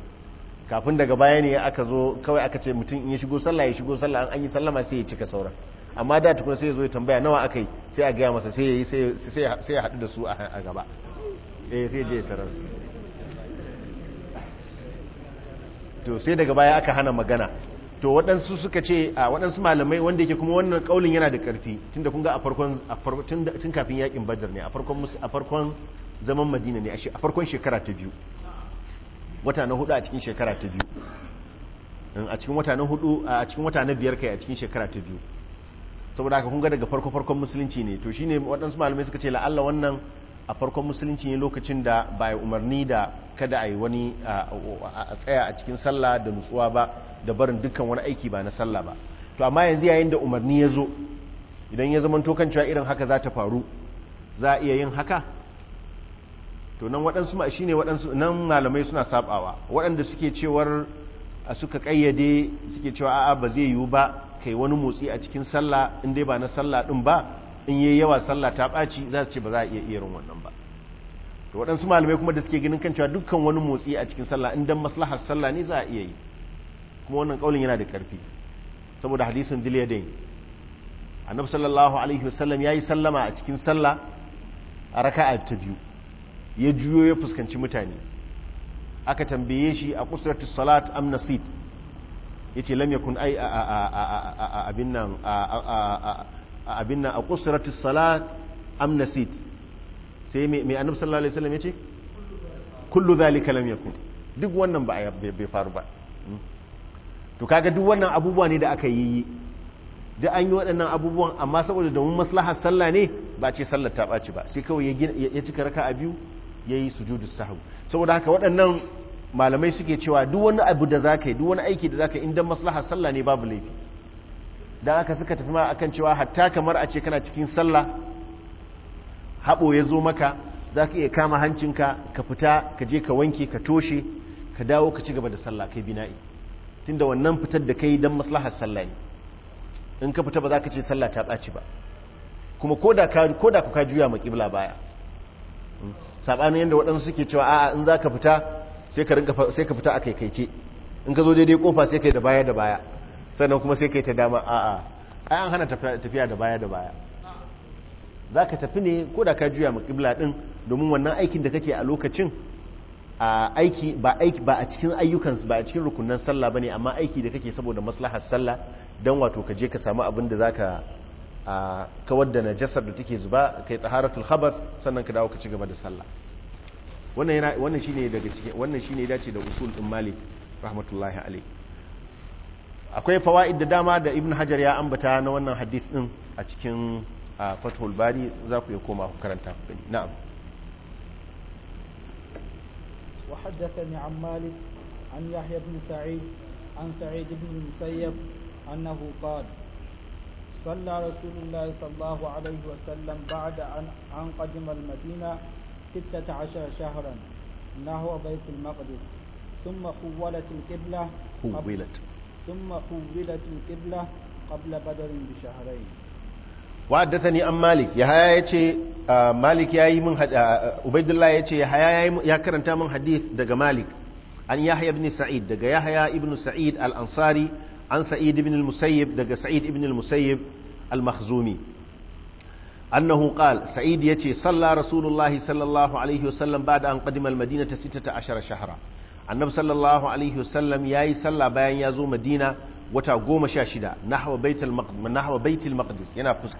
kafin daga baya ne aka zo kawai aka ce mutum in ya shigo sallah ya shigo sallah an yi sallama sai ya cika sauran amma da tukuna sai ya zo ya tambaya nawa aka yi sai a gaya masa sai ya haɗu da su a gaba eh sai je tarar to sai daga baya aka hana magana to waɗansu suka ce a waɗansu malamai wanda yake kuma wannan ƙaulin yana da ƙarfi tun da kunga a farkon tun kafin yakin badar ne a farkon zaman madina ne a farkon shekara ta biyu wata na hudu a cikin shekara ta biyu a cikin wata na hudu a cikin wata biyar kai a cikin shekara ta biyu saboda haka kun ga daga farko farkon musulunci ne to shine waɗansu malamai suka ce la'alla wannan a farkon musulunci ne lokacin da ba ya umarni da kada a yi wani a tsaya a cikin sallah da nutsuwa ba da barin dukkan wani aiki ba na sallah ba to amma yanzu yayin da umarni ya zo idan ya zama kan cewa irin haka za ta faru za a iya yin haka to nan waɗansu ma ne waɗansu nan malamai suna sabawa waɗanda suke cewar suka kayyade suke cewa a'a ba zai yiwu ba kai wani motsi a cikin sallah in dai ba na sallah din ba in yi yawa sallah ta ɓaci za su ce ba za a iya irin wannan ba to waɗansu malamai kuma da suke ganin kan cewa dukkan wani motsi a cikin sallah in dan maslahar sallah ne za a iya yi kuma wannan kaulin yana da ƙarfi saboda hadisin dilyadain annabi sallallahu alaihi wasallam yayi sallama a cikin sallah a raka'a ta biyu ya juyo ya fuskanci mutane aka tambaye shi a kusuratu salat am nasit ya ce lam kun ai abin nan a kusuratu salat am nasit sai mai annabi sallallahu alaihi wasallam ya ce kullu zalika lam yakun duk wannan ba a bai faru ba to kaga duk wannan abubuwa ne da aka yi da an yi waɗannan abubuwan amma saboda domin maslahar sallah ne ba ce sallar ta ɓaci ba sai kawai ya cika raka a biyu ya yi sujudu sahu saboda haka waɗannan malamai suke cewa duk wani abu da za ka yi duk wani aiki da za ka yi indan maslahar sallah ne babu laifi don haka suka tafi ma akan cewa hatta kamar a ce kana cikin sallah haɓo ya zo maka za ka iya kama hancinka ka fita ka je ka wanke ka toshe ka dawo ka ci gaba da sallah kai bina'i tunda wannan fitar da kai don maslahar sallah ne in ka fita ba za ka ce sallah ta ɓaci ba kuma ko da ku ka juya ma baya hmm. sabanin yadda waɗansu suke cewa a'a in za ka fita sai ka fita a kaikaice in ka zo daidai kofa sai ka yi da baya da baya sannan kuma sai ka yi ta dama a'a ai an hana tafiya da baya da baya za ka tafi ne ko da ka juya ma ɗin domin wannan aikin da kake a lokacin a aiki ba a cikin ayyukan ba a cikin rukunan sallah ba bane amma aiki da kake saboda maslahar sallah dan wato ka je ka samu abin da zaka a kawar da najasar da take zuba yi taharatul khabar sannan ka dawo ka ci gaba da sallah wannan shi ne daga cikin wannan shine ya dace da usul din malik rahmatullahi alai akwai fawaid da dama da ibn hajar ya ambata na wannan hadith din a cikin fathul bari za ku iya koma ku karanta na'am wa haddathani an malik an yahya ibn sa'id an sa'id ibn musayyab annahu qala صلى رسول الله صلى الله عليه وسلم بعد أن, أن قدم المدينة ستة عشر شهرا نحو بيت المقدس ثم خولت القبلة خولت ثم خولت القبلة قبل بدر بشهرين وحدثني عن مالك يحيى يتي مالك ياي من عبيد الله يتي يحيى يا كرنتا من حديث دغ مالك عن يحيى بن سعيد دغ يحيى ابن سعيد الأنصاري an sa'id ibn al daga sa'id ibn al-musayyib al-makhzumi annahu qala sa'id ce salla rasulullah sallallahu alaihi wasallam ba'da an qadima al-madinata 16 shahra annabi sallallahu alaihi wasallam yayi salla bayan ya zo madina wata goma sha shida nahwa baitul maqdis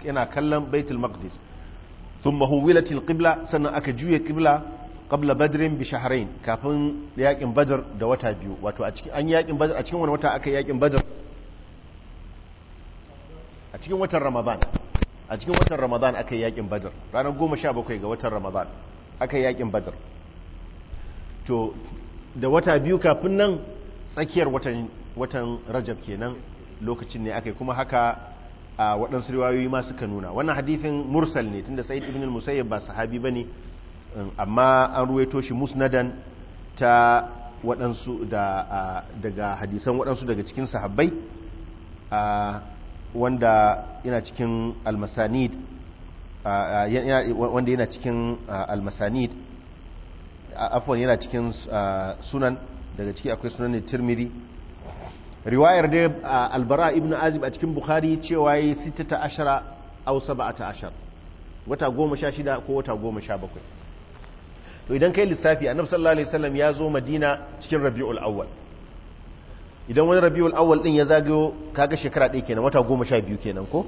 yana kallon baitul maqdis thumma huwilat al-qibla sannan aka juya qibla qabla badrin bi shahrayn kafin yakin badr da wata biyu wato a cikin an yakin badr a cikin wani wata aka yakin badr a cikin watan ramadan a cikin watan ramadan aka yakin badr ranar 17 ga watan ramadan aka yakin badr to da wata biyu kafin nan tsakiyar watan watan rajab kenan lokacin ne akai kuma haka a waɗansu riwayoyi ma suka nuna wannan hadithin mursal ne tunda sa'id ibn al-musayyib ba sahabi bane Um, amma an ruwaito shi musnadan ta waɗansu da daga hadisan waɗansu daga cikin sahabbai wanda yana cikin almasanid wanda yana cikin almasanid afwan yana cikin sunan daga ciki akwai sunan tirmidhi riwayar da albara ibn azib a cikin bukhari cewa yi 16 ta 17 wata 16 ko wata 17 to idan kai lissafi annabi sallallahu alaihi wasallam ya zo madina cikin rabi'ul awwal idan wani rabi'ul awwal din ya zagayo kaga shekara ɗaya kenan wata goma sha biyu kenan ko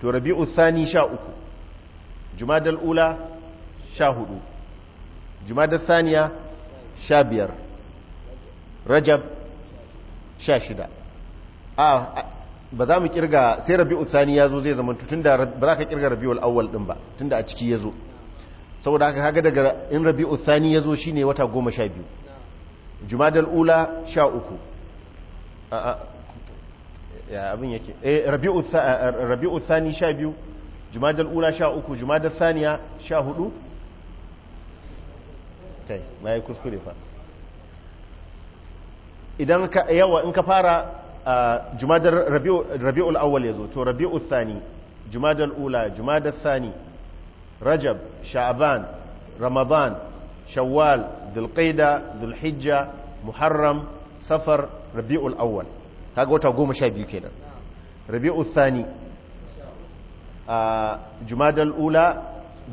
to rabi'ul thani sha uku jumadal ula sha hudu jumadal thaniya sha biyar rajab sha shida a ba za mu kirga sai rabi'ul thani ya zo zai zama tun da ba za ka kirga rabi'ul awwal din ba tun da a ciki ya zo saboda haka kaga daga in rabi uthani ya zo shi ne wata goma sha biyu jumadar ula sha uku ya abin yake eh rabi'u eh, rabi'u thani 12 jumadal ula 13 jumadal thaniya 14 kai yi kuskure fa idan ka yawa in ka fara jumadar rabi'u rabi'ul awwal zo to rabi'u thani jumadar ula jumadar thani rajab sha'aban رمضان شوال ذو القيدة muharram safar rabi'ul awwal kaga wata goma sha biyu kenan rabi'ul ربيع الثاني jumadal الأولى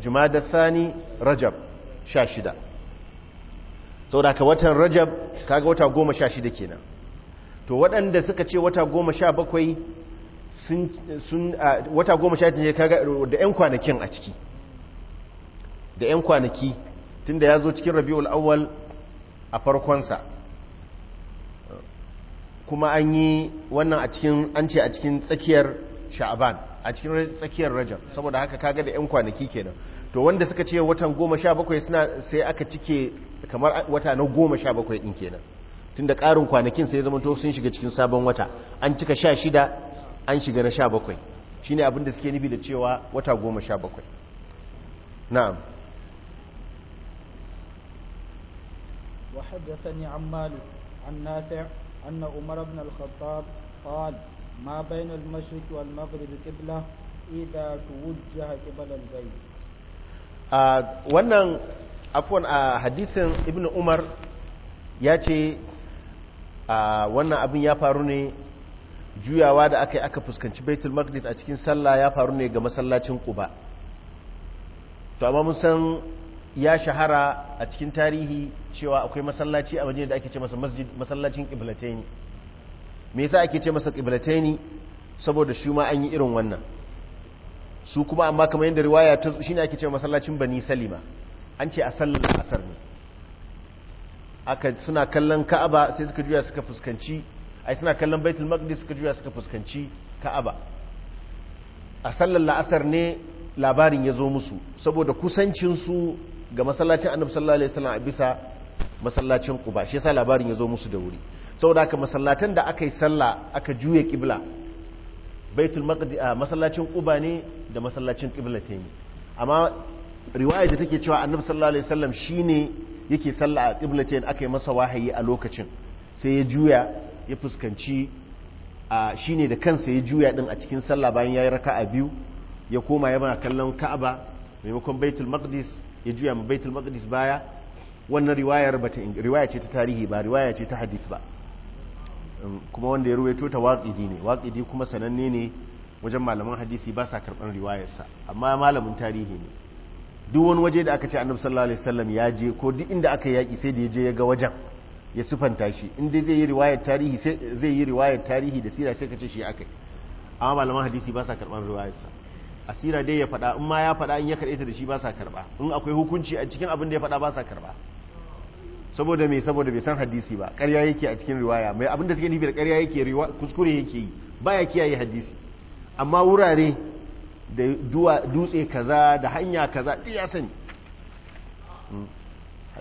jumadal الثاني rajab sha shida sau da ka watan rajab kaga wata goma sha shida kenan to waɗanda suka ce wata goma sha bakwai sun wata goma sha da 'yan kwanakin a ciki da 'yan kwanaki da ya zo cikin rabi'ul awwal a farkonsa kuma an yi wannan a cikin an ce a cikin tsakiyar sha'aban a cikin tsakiyar rajab saboda haka kaga da 'yan kwanaki kenan to wanda suka ce watan goma sha bakwai suna sai aka cike kamar wata na goma sha bakwai ɗin kenan da ƙarin kwanakin sai zama to sun shiga cikin sabon wata an cika sha shida an shiga na sha bakwai shine abinda suke nufi da cewa wata goma sha bakwai na'am وحدثني عن مالك عن نافع أن عمر بن الخطاب قال ما بين المشرق والمغرب قبلة إذا توجه قبل البيت wannan afwan a hadisin ibn umar ya ce wannan abin ya faru ne juyawa da aka yi aka fuskanci baitul maqdis a cikin sallah ya faru ne ga masallacin quba to amma mun san ya shahara a cikin tarihi cewa akwai masallaci a wajen da ake ce masa masjid masallacin ƙiblataini me yasa ake ce masa ƙiblataini saboda shi ma an yi irin wannan su kuma amma kamar yadda riwaya ta shi ne ake ce masallacin bani salima an ce a sallar asar ne aka suna kallon ka'aba sai suka juya suka fuskanci ai suna kallon baitul maqdis suka juya suka fuskanci ka'aba a sallar la'asar ne labarin ya zo musu saboda kusancinsu ga masallacin annabi sallallahu alaihi wasallam a bisa masallacin quba shi yasa labarin ya zo musu da wuri saboda haka masallatan da aka yi sallah aka juye kibla baitul maqdis masallacin quba ne da masallacin ta yi amma riwaya da take cewa annabi sallallahu alaihi wasallam shine yake sallah a qiblatayn aka yi masa wahayi a lokacin sai ya juya ya fuskanci a shine da kansa ya juya din a cikin sallah bayan yayi raka'a biyu ya koma yana kallon ka'aba maimakon baitul maqdis ya juya ma baitul maqdis baya wannan riwayar ta riwaya ce ta tarihi ba riwaya ce ta hadith ba um, kuma wanda ya ruwaito ta waqidi ne waqidi kuma sananne ne wajen malaman hadisi ba sa karban riwayar sa amma malamin tarihi ne duk wani waje da aka ce annabi sallallahu alaihi wasallam ya je ko duk inda aka yaki sai da ya je ya ga wajen ya sifanta shi inda zai yi riwayar tarihi sai zai yi riwayar tarihi da sira sai ka ce shi akai amma malaman hadisi ba sa karban riwayar sa. asira dai ya faɗa in ma ya faɗa in ya karɓe ta da shi ba sa karɓa in akwai hukunci a cikin abin da ya faɗa ba sa karɓa saboda me saboda bai san hadisi ba ƙarya yake a cikin riwaya mai abin da suke nufi da ƙarya yake kuskure yake yi baya kiyaye hadisi amma wurare da dutse kaza da hanya kaza duk ya sani hmm.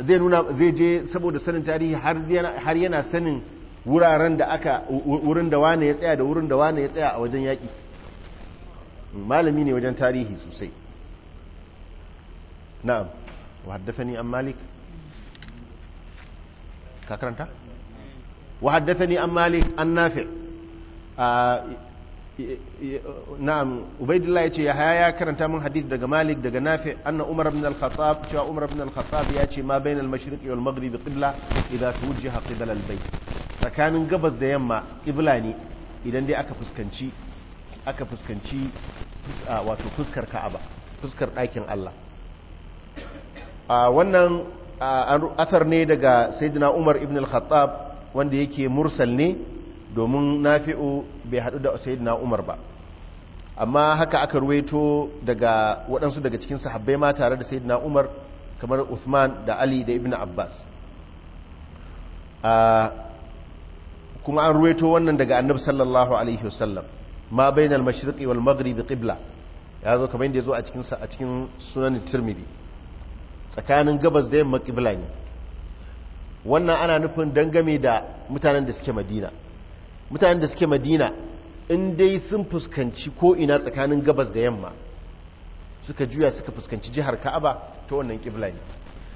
zai nuna zai je saboda sanin tarihi har yana sanin wuraren da aka wurin da wane ya tsaya da wurin da wane ya tsaya a wajen yaki. malami ne wajen tarihi sosai na'am wa an malik ka karanta wa an malik an nafi na'am ubaidullah yace ce ya karanta mun hadith daga malik daga nafi anna umar ibn al-khattab cewa umar ibn al-khattab ce ma bain al-mashriq wal maghrib qibla idza tuwajjaha qibla al-bayt tsakanin gabas da yamma qibla ne idan dai aka fuskanci aka fuskanci wato fuskar ka'aba fuskar ɗakin Allah wannan asar ne daga sayyidina Umar ibn al-Khattab wanda yake mursal ne domin nafi'u bai haɗu da sayyidina Umar ba amma haka aka ruwaito daga waɗansu daga cikin sahabbai ma tare da sayyidina Umar kamar Uthman da Ali da Ibn Abbas kuma an ruwaito wannan daga annabi sallallahu alaihi wasallam ma bainal mashriqi wal magribi qibla ya zo kamar yadda ya zo a cikin a cikin sunan turmidi tsakanin gabas da yamma qibla ne wannan ana nufin dangame da mutanen da suke madina mutanen da suke madina in dai sun fuskanci ko ina tsakanin gabas da yamma suka juya suka fuskanci jihar ka'aba ta wannan qibla ne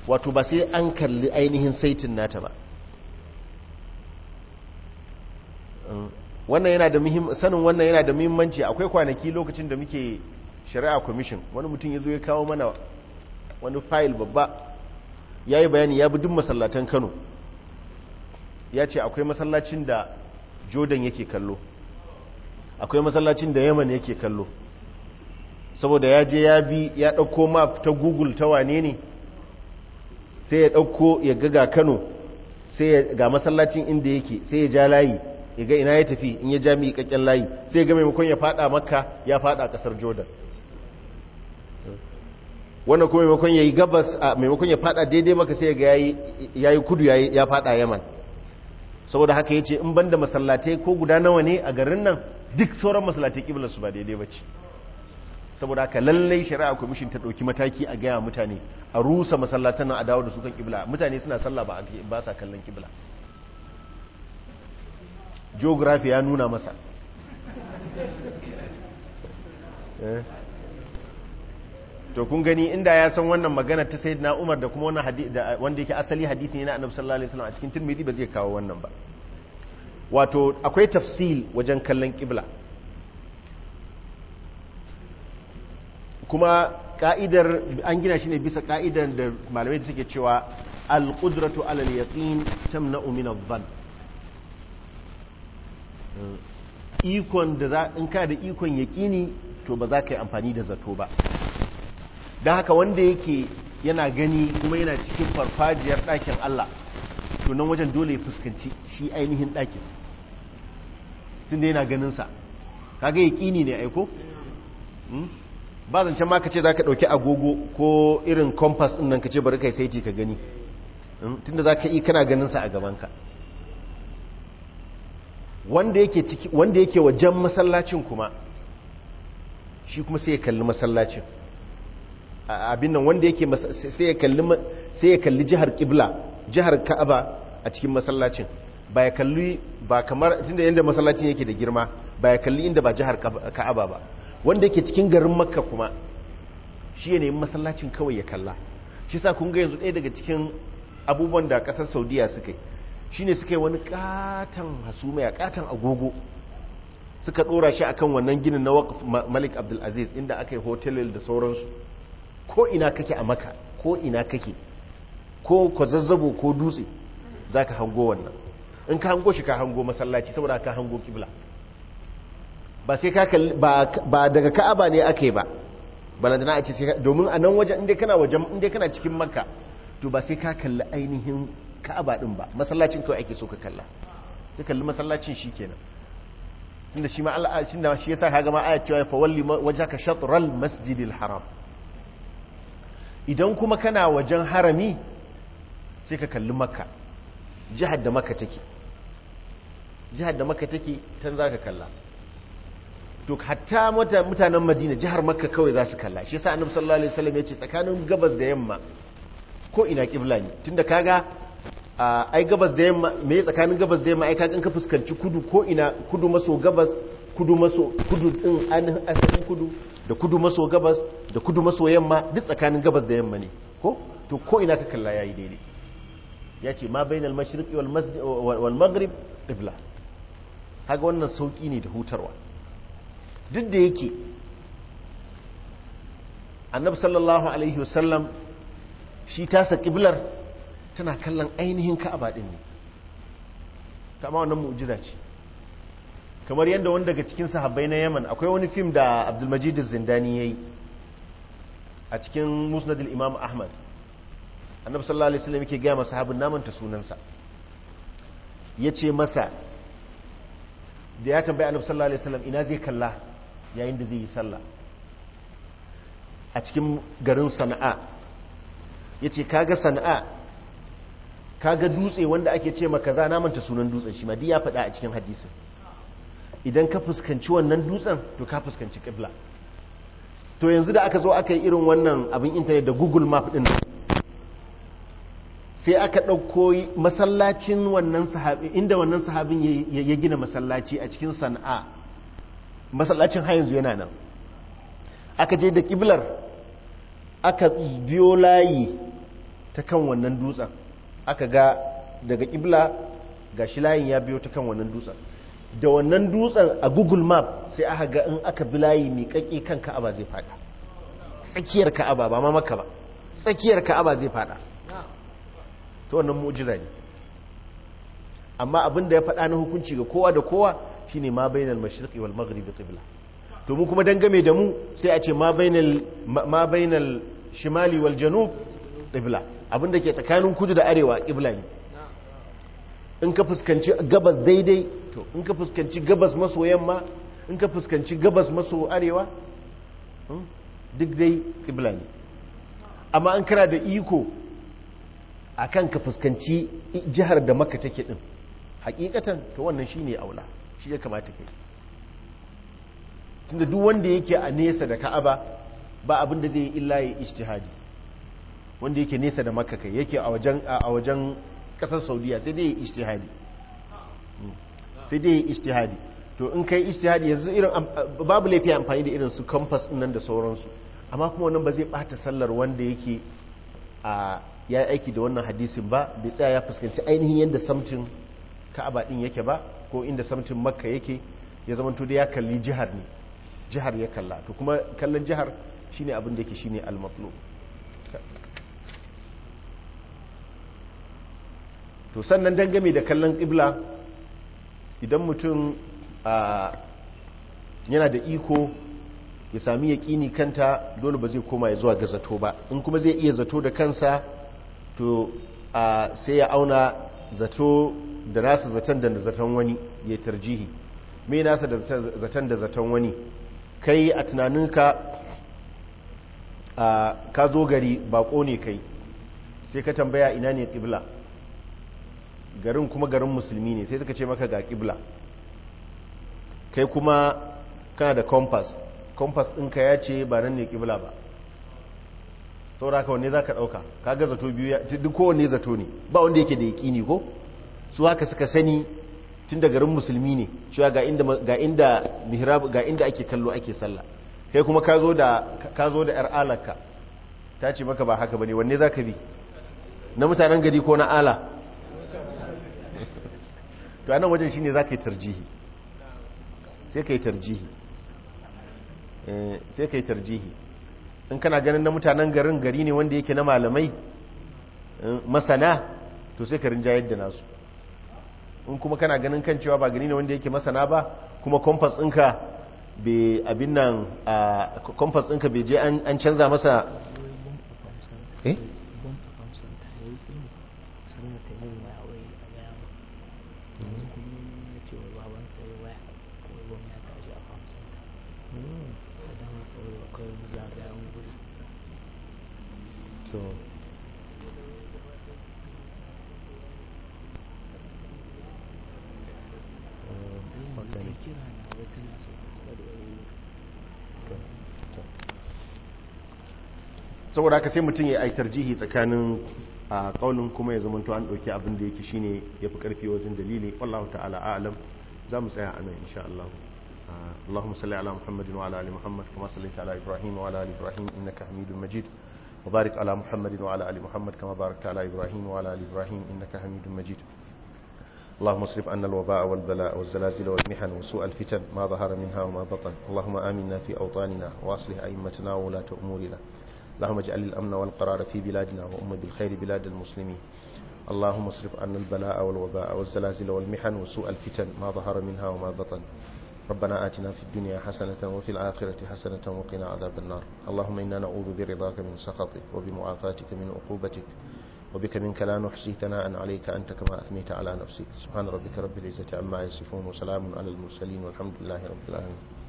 wato ba sai an kalli ainihin saitin nata ba wannan yana da muhimmanci sanin wannan yana da muhimmanci akwai kwanaki lokacin da muke shari'a commission wani mutum yazo ya kawo mana wani file babba yayi bayani ya bi duk masallatan Kano ya ce akwai masallacin da Jordan yake kallo akwai masallacin da Yemen yake kallo saboda ya je ya bi ya dauko map ta Google ta wane ne sai ya dauko ya ga ga Kano sai ga masallacin inda yake sai ya ja layi ya ga ina ya tafi in ya ja ƙaƙƙen layi sai ga maimakon ya fada makka ya fada ƙasar jordan wannan kuma maimakon ya yi gabas a maimakon ya fada daidai maka sai ga ya yi kudu ya fada yaman saboda haka ya ce in banda masallatai ko guda nawa ne a garin nan duk sauran masallatai su ba daidai ba ce saboda haka lallai shari'a kwamishin ta ɗauki mataki a gaya mutane a rusa masallatan nan a dawo da su kan ƙibla mutane suna sallah ba sa kallon ƙibla geography ya nuna masa eh? to kun gani inda ya san wannan magana ta sai na umar da kuma wannan wanda yake asali hadisi ne na annabi sallallahu alaihi wasallam a cikin tirmidhi ba zai kawo wannan ba wato akwai tafsil wajen kallon kibla kuma ka'idar an gina shi ne bisa ka'idar da malamai da suke cewa al-qudratu alal yaqin tamna'u min adh ikon da za in ka da ikon yaƙini to ba za ka yi amfani da zato ba don haka wanda yake yana gani kuma yana cikin farfajiyar ɗakin Allah to nan wajen dole ya fuskanci shi ainihin ɗakin tun da yana ganinsa kaga yaƙini ne aiko hmm? ba zancen ma ka ce za ka ɗauki agogo ko irin kompas ɗin nan ka ce bari kai saiti ka gani hmm? tun da za ka yi kana ganinsa a gabanka wanda yake wajen masallacin kuma shi kuma sai ya kalli masallacin abin nan wanda yake sai ya kalli sai ya kalli jihar kibla jihar ka'aba a cikin masallacin ba ya kalli ba kamar tunda yadda masallacin yake da girma ba ya kalli inda ba jihar ka'aba ba wanda yake cikin garin makka kuma shi ya nemi masallacin kawai ya kalla shi sa kunga ga yanzu ɗaya daga cikin abubuwan da ƙasar saudiya suka yi shine suka yi wani katon hasumiya katon agogo suka dora shi akan wannan ginin na waqf malik abdulaziz inda aka yi hotel da sauransu ko ina kake a maka ko ina kake ko kwazazzabo ko dutse za ka hango wannan in ka hango shi ka hango masallaci saboda ka hango kibla ba sai ka ba daga ka'aba ne aka yi ba balantana a ce domin a nan wajen inda kana inda kana cikin makka to ba sai ka kalli ainihin ka'aba din ba masallacin kawai ake so ka kalla ka kalli masallacin shi kenan tunda shi ma Allah shi shi yasa kaga ma ayat cewa fa walli wajhaka shatral masjidil haram idan kuma kana wajen harami sai ka kalli makka jihar da makka take jihar da makka take tan zaka kalla to hatta mutanen madina jihar makka kawai za su kalla shi yasa annabi sallallahu alaihi wasallam ya ce tsakanin gabas da yamma ko ina kibla ne tunda kaga ai gabas da yamma me tsakanin gabas da yamma ai kakan ka fuskanci kudu ko ina kudu maso gabas kudu maso kudu din ainihin kudu da kudu maso gabas da kudu maso yamma duk tsakanin gabas da yamma ne ko to ko ina ka kalla yayi daidai ya ce ma bainal mashriqi wal wal maghrib qibla Haga wannan sauki ne da hutarwa duk da yake annabi sallallahu alaihi wasallam shi tasa qiblar tana kallon ainihin ka'aba din ne ma wannan mu'jiza ce kamar yadda wani daga cikin sahabbai na yaman akwai wani fim da abdulmajid zindani ya yi a cikin musnadil imam ahmad annabi sallallahu alaihi wasallam yake gaya masa sahabin namanta sunansa ya ce masa da ya tambayi annabi sallallahu alaihi wasallam ina zai kalla yayin da zai yi sallah a cikin garin sana'a ya ce kaga sana'a kaga dutse wanda ake ce maka za na sunan dutsen shi ma duk ya faɗa a cikin hadisin idan ka fuskanci wannan dutsen to ka fuskanci kibla to yanzu da aka zo aka yi irin wannan abin intanet da google map din sai aka ɗauko masallacin wannan sahabi inda wannan sahabin ya gina masallaci a cikin sana'a masallacin har yanzu yana nan aka je da kiblar aka biyo layi ta kan wannan dutsen aka ga daga ƙibla ga shi layin ya biyo ta kan wannan dutsen da wannan dutsen a google map sai aka ga in aka bi layi miƙaƙƙi kan ka'aba zai fada tsakiyar ka'aba ba ma ba tsakiyar ka'aba zai fada ta wannan mu'jiza ne amma abin da ya faɗa na hukunci ga kowa da kowa shine ma bainal mashriqi wal maghribi ƙibla to mu kuma dangame da mu sai a ce ma bainal shimali wal janub ƙibla abinda ke tsakanin kudu da arewa ƙibla ne in ka fuskanci gabas daidai to in ka fuskanci gabas maso yamma in ka fuskanci gabas maso arewa hmm, duk dai ƙibla ne amma an kira da iko a kan ka fuskanci jihar da maka take ɗin hakikatan to wannan shi ne aula shi ya kamata kai tunda duk wanda yake a nesa da ka'aba ba abin da zai yi illa ya ishtihadi wanda yake nesa da makaka kai yake a wajen kasar saudiya sai dai ya hmm. sai dai ya to in kai ishtihadi yanzu irin babu laifi amfani da irin su kamfas nan da sauransu amma kuma wannan ba zai bata sallar wanda yake a ya aiki da wannan hadisin ba bai tsaya ya fuskanci ainihin yadda samtin ka'aba din yake ba ko inda samtin makka yake ya zama to da ya kalli jihar ne jihar ya kalla to kuma kallon jihar shine abin da yake shine al-matlub to sannan dangane da kallon ƙibla idan mutum yana da iko ya sami ya ƙini kanta dole ba zai koma ya zuwa ga zato ba in kuma zai iya zato da kansa to sai ya auna zato da nasa zaton da zaton wani ya tarjihi mai nasa da zaton da zaton wani kai a tunaninka ka zo gari bako ne kai sai ka tambaya ina ne ƙibla garin kuma garin musulmi ne sai suka ce maka ga kibla kai kuma kana da compass compass ɗinka ya ce ba nan ne kibla ba saura ka wanne za ka ɗauka ka ga zato biyu duk kowanne zato ne ba wanda yake da yaƙini ko su haka suka sani tun da garin musulmi ne cewa ga inda mihrab ga inda ake kallo ake sallah kai kuma ka zo da ka zo da yar alaka ta ce maka ba haka bane wanne zaka bi na mutanen gari ko na ala to anan wajen shine za ka yi tarjihi sai ka yi tarjihi eh, sai ka yi tarjihi in kana ganin na mutanen garin gari ne wanda yake na malamai eh, masana to sai ka rinja yadda nasu in kuma kana ganin kan cewa ba gari ne wanda yake masana ba kuma kompas ɗinka be abin nan kompas ah, ɗinka be je an canza masa eh to saboda haka sai mutum ya yi tarjihi tsakanin a kaunin kuma ya zamanto an ɗauki abin da yake shine ya fi ƙarfi wajen dalili wallahu ta'ala alam za mu tsaya a nan insha Allah ala muhammadin wa ala ali muhammad محمد salli صليت ibrahim wa ala ali ibrahim انك حميد مجيد وبارك على محمد وعلى آل محمد كما باركت على إبراهيم وعلى آل إبراهيم إنك حميد مجيد اللهم اصرف عنا الوباء والبلاء والزلازل والمحن وسوء الفتن ما ظهر منها وما بطن اللهم آمنا في أوطاننا وأصلح أئمتنا وولاة أمورنا اللهم اجعل الأمن والقرار في بلادنا وأم بالخير بلاد المسلمين اللهم اصرف عنا البلاء والوباء والزلازل والمحن وسوء الفتن ما ظهر منها وما بطن ربنا آتنا في الدنيا حسنة وفي الآخرة حسنة وقنا عذاب النار اللهم إنا نعوذ برضاك من سخطك وبمعافاتك من عقوبتك وبك منك لا نحصي ثناء عليك أنت كما أثنيت على نفسك سبحان ربك رب العزة عما يصفون وسلام على المرسلين والحمد لله رب العالمين